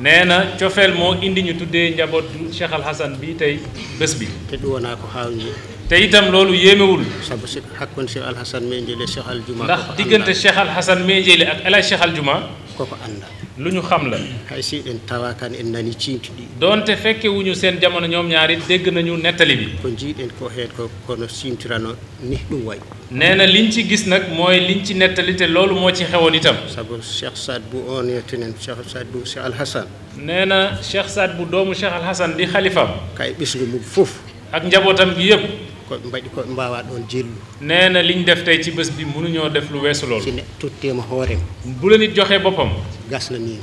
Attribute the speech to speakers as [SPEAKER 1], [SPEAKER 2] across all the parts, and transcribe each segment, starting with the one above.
[SPEAKER 1] nee na cofeel moo indi ñu tuddee njabootu Cheikh Al Hassan bi tey bés bi. te duwoon naa ko xaaw ñi. te itam loolu yéemewul. saabu si xàkkoon Cheikh Al Hassan mee njële Cheikh Juma. ndax diggante Cheikh Al Hassan mee njële ak El Hadj Cheikh Al Juma. kooku
[SPEAKER 2] ànd. lu ñu xam la hay si en tawa kan en nani cimtiɗi
[SPEAKER 1] donte fekke seen jamono ñoom ñaari dégg nañu nettali bi ko jiiɗen ko heen ko kono simtirano ni ɗum way nee na liñ ci gis nag mooy liñ ci nettali te loolu moo ci xewoon itam sabu Cheikh Saad bu
[SPEAKER 2] on tenen Cheikh Saad bu Cheikh Alhasan
[SPEAKER 1] nee na Cheikh Saad bu doomu Cheikh Alhasan di xalifam kay ɓisgu mum fof ak njabootam bi yëpp ko mbaɗi ko mbawa ɗon jillu nee na li ñu def tey ci bés bi ñoo def lu weesu loolu si ne tutteema hoorem bu la nit joxee boppam gas na nii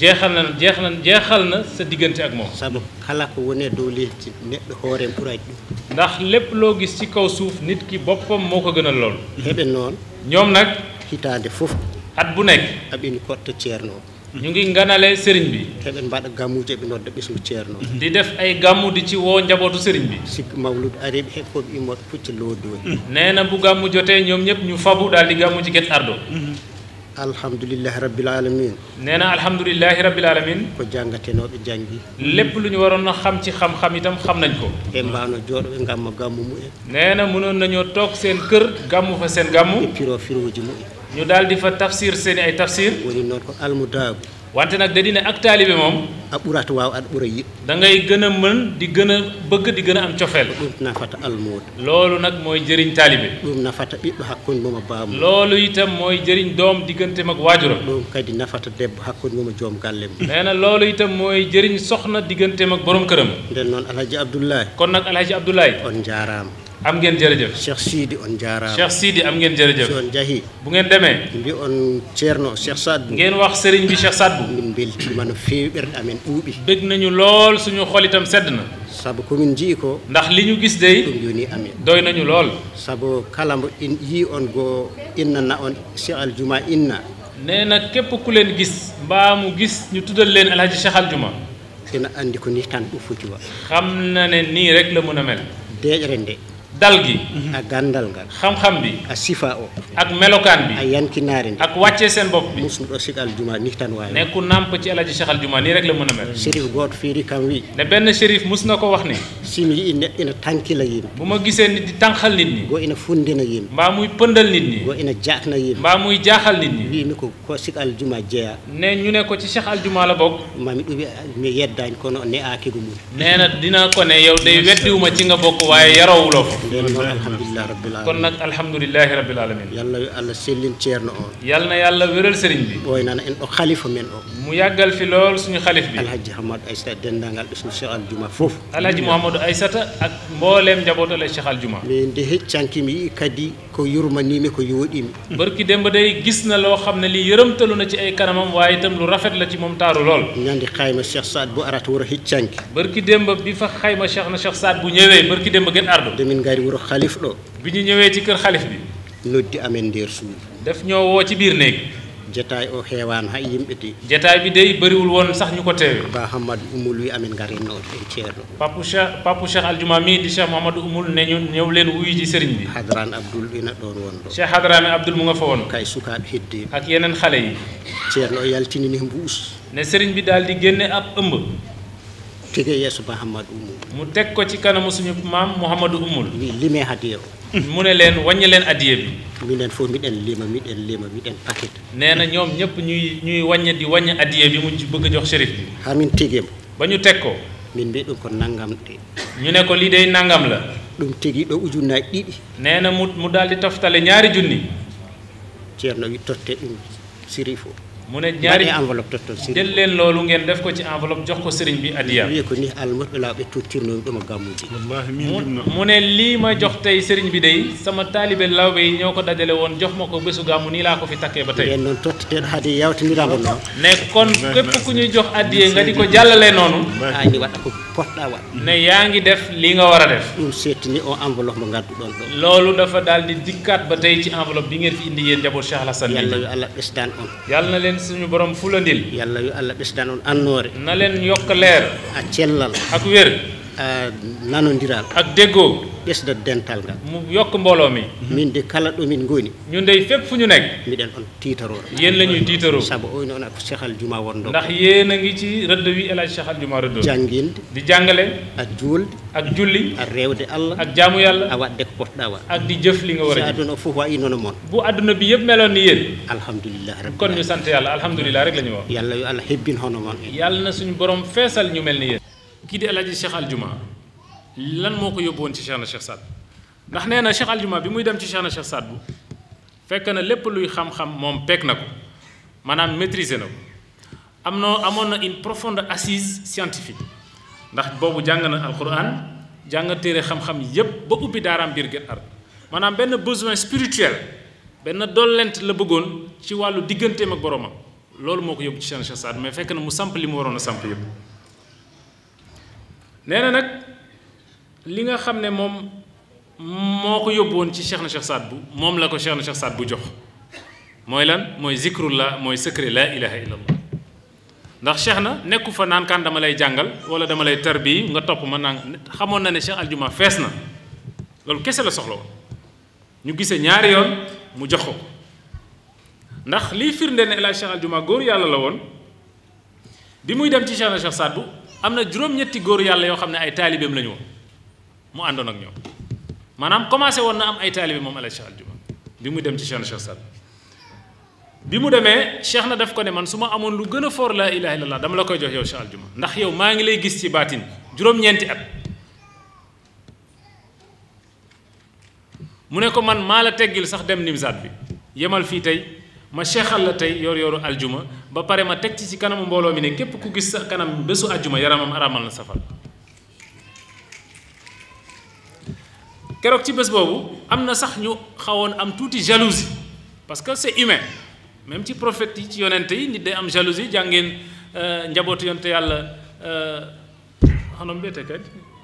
[SPEAKER 1] jeexal na jeex na jeexal na sa diggante ak moom sabu kala ko wone dow leydi neɗɗo hoorem ɓuraji ɗum ndax lépp loo gis ci kaw suuf nit ki boppam moo ko gënal lool heɓe noon ñoom nag
[SPEAKER 2] hitaande fof
[SPEAKER 1] at bu nekk aɓini koɗto ceerno o ñu ngi nganale sëriñ bi heɓen mbaɗa gammuji eɓe nodda ɓesgu ceerno di def ay
[SPEAKER 2] gàmmu di ci woo njabootu sëriñ bi sikku mawlud ariɓe heɓkoɓe immoɓe pucca loodooni
[SPEAKER 1] nee na bu gàmmu jotee ñoom ñëpp ñu fabu daal di gàmmu ci get ardo
[SPEAKER 2] alhamdulillahi rabbil alamin nee na
[SPEAKER 1] alhamdulillahi rabbil alamin
[SPEAKER 2] ko jàngatenoɓe jàngi
[SPEAKER 1] lépp lu ñu waroon a xam ci xam-xam itam xam nañ ko e mbaano jooɗo ɓe ngamma gàmmu mumen nee na mënoon toog seen kër gàmmu fa seen gàmmu e piro firoji mumen ñu daal di fa tafsir seen i ay tafsir woni noon ko almudaagu wante nag da di ak taalibe moom a ɓurata waaw at ɓura yiɗ dangay ngay gën a mën di gën a bëgg di gën a am cofeel ɗum nafata almuuda loolu nag mooy jëriñ taalibe
[SPEAKER 2] ɗum nafata ɓiɗɗo hakkunde moma baamu loolu
[SPEAKER 1] itam mooy jëriñ doom diggante mag waajuram
[SPEAKER 2] ɗum kadi nafata debbo hakkunde moma joom galle mum
[SPEAKER 1] nee na loolu itam mooy jëriñ soxna diggante mag borom këram nden
[SPEAKER 2] noon alhaji abdoulaye kon nag alhaji abdoulaye on jaaraama am ngeen jërëjëf Cheikh Sidi on jaaraama Cheikh Sidi am ngeen jërëjëf on jahi bu ngeen demee mbi on ceerno Cheikh Sadbou ngeen wax
[SPEAKER 1] sëriñ bi Cheikh Sadbou min mbeltima no feewi ɓernde amen ɓuuɓi bëgg nañu lool suñu xol itam sedd na
[SPEAKER 2] sabu komin jii ko ndax li ñu gis dey ɗum joni amen doy nañu lool sabu kala mbo in yii on goo inna na on Cheikh Aljuma inna
[SPEAKER 1] nee na képp ku leen gis mbaa mu gis ñu tuddal leen alhaji Cheikh Aljuma dina andi ko ni tan ɗo foti wa xam na ne nii rek la mën a mel deeƴere nde dal gi ak gàndal nga xam-xam
[SPEAKER 2] bi a sifa o ak melokaan bi a yankinaare ndi ak wàccee seen bopp bi musum ɗo siɗal juma ni tan waawi ne
[SPEAKER 1] ku namp ci alaji la mën a mel shérif gooto fiiri kam wi ne mus na ko wax ni si mi yii neɗɗo ina tankila yim bu ma gisee nit di tànqal nit ñi goo ina fundina yim mbaa muy pëndal nit ñi goo ina jaakna yim mbaa muy jaaxal nit ñi mi ko ko sikh al
[SPEAKER 2] ne ñu ne ko ci cheikh al juma la bokk mami ɗuɓi mi yeddaani kono ne aakigu mum nee na
[SPEAKER 1] dina ko ne yow day weddiwuma ci nga bokk waaye yaroowuloo ko alhamdulilah
[SPEAKER 2] rabbil alamin kon nag
[SPEAKER 1] alhamdulilahi rabbil alamin yal na allah sellin ceerno on yal na yàlla wéral sëriñ bi ɓoy nana en o
[SPEAKER 2] xalifa men o
[SPEAKER 1] mu yàggal fi lool suñu xalif bi alhaji hamadou aysata dendangal ɗo suñu cheikh aljuma foof alhaji mouhamadou aysata ak mbooleem njaboot ala cheikh aljuma
[SPEAKER 2] mais nde heccankimi yi kadi ko nii yurmanimi ko yooɗimi
[SPEAKER 1] barki demba day gis na loo xam ne lii yërëmtalu na ci ay kanamam waaye itam lu rafet la ci moom taaru lool ñandi xayma cheikh saad bu
[SPEAKER 2] arata war a heccanki
[SPEAKER 1] barki demba bi fa xayma cheikh na cheikh saad bu ñëwee barki demba gën ardu
[SPEAKER 2] gaari wuro xalif ɗo
[SPEAKER 1] bi ñu ñëwee ci kër xalif
[SPEAKER 2] bi noddi amen nder suudu
[SPEAKER 1] daf ñoo woo ci biir néeg jataay o heewano hay yimɓe de jataay bi dey bariwul woon sax ñu ko teewe ba hamadou umul wi amen ngarinno en ceerno papu cheikh papu cheikh aljuma mi di cheikh mouhamadou umul ne ñu ñëw leen wuyu ji sëriñ bi hadrane abdoul
[SPEAKER 2] ina ɗon won
[SPEAKER 1] ɗo cheikh hadrane abdoul mu nga fa woon kay sukaaɓe heddeɓe ak yeneen xale yi
[SPEAKER 2] ceerno o yaltinini mbuus
[SPEAKER 1] ne sëriñ bi daal di génne ab ëmb tege yeeso ba umul mu tek ko ci kanamu suñu maam muhammadu umul ni lime hadiyo mu ne len wagné len adiyé bi
[SPEAKER 2] fo mi den lima den lima den paquet
[SPEAKER 1] néna ñom ñoom ñuy ñuy wagné di wagné adiyé bi mu bëgg jox shérif bi
[SPEAKER 2] hamin tege ba ñu teg ko min bi ɗum ko nangam te ñu ne ko li day nangam la dum tege do uju ɗiɗi
[SPEAKER 1] nee néna mu mu di ñaari jooni
[SPEAKER 2] cierno wi totte dum mu ne ñaari enveloppe totton sirri del
[SPEAKER 1] len loolu ngeen def ko ci enveloppe jox ko sëriñ bi adiya wiye ko ni al mutla almorɓe laaɓe
[SPEAKER 2] tottirnomi gamu gammuji
[SPEAKER 1] wallahi min jumna mu ne lii ma jox tay sëriñ bi day sama talibe lawbe ñoko dajale won jox mako besu gamu ni la ko fi takkee ba tey
[SPEAKER 2] ten hadi yawti mi yawtinirago no
[SPEAKER 1] ne kon kep ku ñu jox adiya nga diko jallale nonu noonu ani waɗa ko poɗɗa wat ne yaangi def li nga wara def
[SPEAKER 2] ñu ɗum ni o enveloppe mo ngadduɗon ɗo loolu
[SPEAKER 1] dafa daldi dikkat dikkaat ba tey ci enveloppe bi ngeen fi indi yeen jabo cheikh alassane yalla yo allah ɓesdan on yàlla na leen leen suñu borom
[SPEAKER 2] fulandil yàlla yu àlla ɓesdanoon annoore na leen yokk leer ak cellal ak wér Euh, nanodiral ak déggoo ɓesda dental ngal mu yokk mbooloo mi min de kala ɗo min ngoni ñun dey fépp fu ñu nekk miɗen on tiitarora yéen la ñuy tiitaroo saabu oyno on ako
[SPEAKER 1] cheikhal juma wonɗo ndax yéen a ngi ci rëdd wi El Hadj cheikhal juma rëddoo janginde di jàngale a juulde ak julli ak rewde allah ak jaamu yàlla a waɗde ko potɗa wa ak di jëf li nga war a si aduna o foof wayi moon bu adduna bi yëpp meloon ni yéen alhamdulilah rabbi kon sant yàlla alhamdulilah rek la ñu wax yàlla yo allah hebbin hono moon yàlla na suñu borom feesal ñu mel ni yéen kii di El Hadj Cheikh Aljuma lan moo ko yóbbu woon ci Cheikh na Cheikh Saad ndax nee na Cheikh Aljuma bi muy dem ci Cheikh na Cheikh Saad bu fekk na lépp luy xam-xam moom pegg na ko maanaam maîtriser na ko am na amoon na une profonde assise scientifique ndax boobu jàng na alquran jàng téere xam-xam yépp ba ubbi daaraam biir Guet Art maanaam benn besoin spirituel benn dollent la bëggoon ci wàllu digganteem ak boromam loolu moo ko yóbbu ci Cheikh na Cheikh Saad mais fekk na mu samp li mu waroon a samp yëpp. Nenek, nak li nga xamne ne moko yobone ci cheikh na cheikh sad bu mom la ko cheikh na cheikh sad bu jox moy lan moy zikrullah moy secret la ilaha illallah ndax cheikh na neku fa nan kan dama lay jangal wala dama lay tarbi nga top ma nang. na ne cheikh aljuma fesna lolou kesse la soxlo ñu gisse ñaari yoon mu jox ko ndax li firnde ne Cheikh Aljuma gor yalla la won bi muy dem ci cheikh na cheikh sad bu amna na juróom-ñetti góor yàlla yo xamne ay talibem lañu won mu andon ak ñoom manam commencé won na am ay talibem mom ala Cheikh Aljuma bi mu dem ci Cheikh Cheikh Sall bi mu démé Cheikh na daf ko ne man suma ma lu gëna for la ilaha illallah dama la koy jox yow Cheikh Aljuma ndax yow ma ngi lay gis ci batin juroom ñenti at mu ne ko man maa la teggil sax dem nimzat bi yemal fi tay ma cheikhal la tay yor-yoru aljuma ba pare ma teg ci ci kanamu mbooloo mi ne képp ku gis sa kanam bésu àjjuma yaramam aramal na safar keroog ci bés boobu am na sax ñu xawoon am tuuti jalousie parce que c'est humain même ci prophète yi ci yonente yi nit day am jalousie jàngeen euh, njabootu yonte yàlla xanam euh, mbeetekat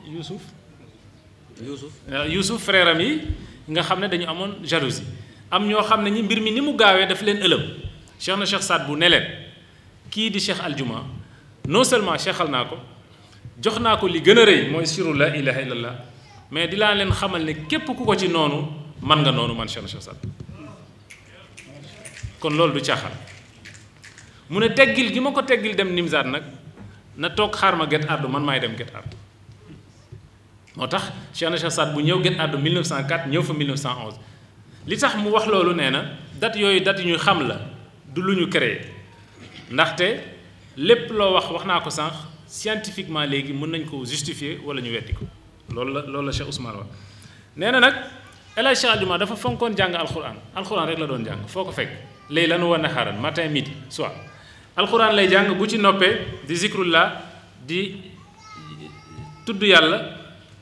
[SPEAKER 1] Youssouf Youssouf euh, Youssouf frère am yi nga xam ne dañu amoon jalousie am ñoo xam ne ñi mbir mi ni mu gaawee daf leen ëlëm Cheikh na Cheikh Saad bu ne kii di cheikh aljuma non seulement cheikhal naa ko jox naa ko li gën a rëy mooy siru la ilaha illallah mais di laa leen xamal ne képp ku ko ci noonu man nga noonu man cheikh cheikh sall kon loolu du caaxaan mu ne teggil gi ma ko teggil dem nimsaat nag na toog xaar ma get addu man maay dem get addu moo tax cheikh na cheikh sall bu ñëw get addu 1904 ñëw fa 1911 li tax mu wax loolu nee na date yooyu date yu ñu xam la du lu ñu créé ndaxte lépp loo wax wax naa ko sànq scientifiquement léegi mën nañ ko justifier wala ñu weddi ko loolu la loolu la Cheikh Ousmane wax nee na nag El Cheikh Aldiouma dafa fonkoon jàng alxuraan alxuraan rek la doon jàng foo ko fekk léegi lanu war na matin midi soir alxuraan lay jàng bu ci noppee di zikrullah di tudd yàlla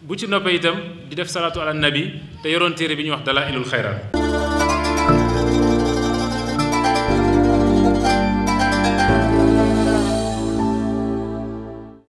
[SPEAKER 1] bu ci noppee itam di def salaatu ala nabi te yoroon téere bi ñuy wax dala ilul xayraat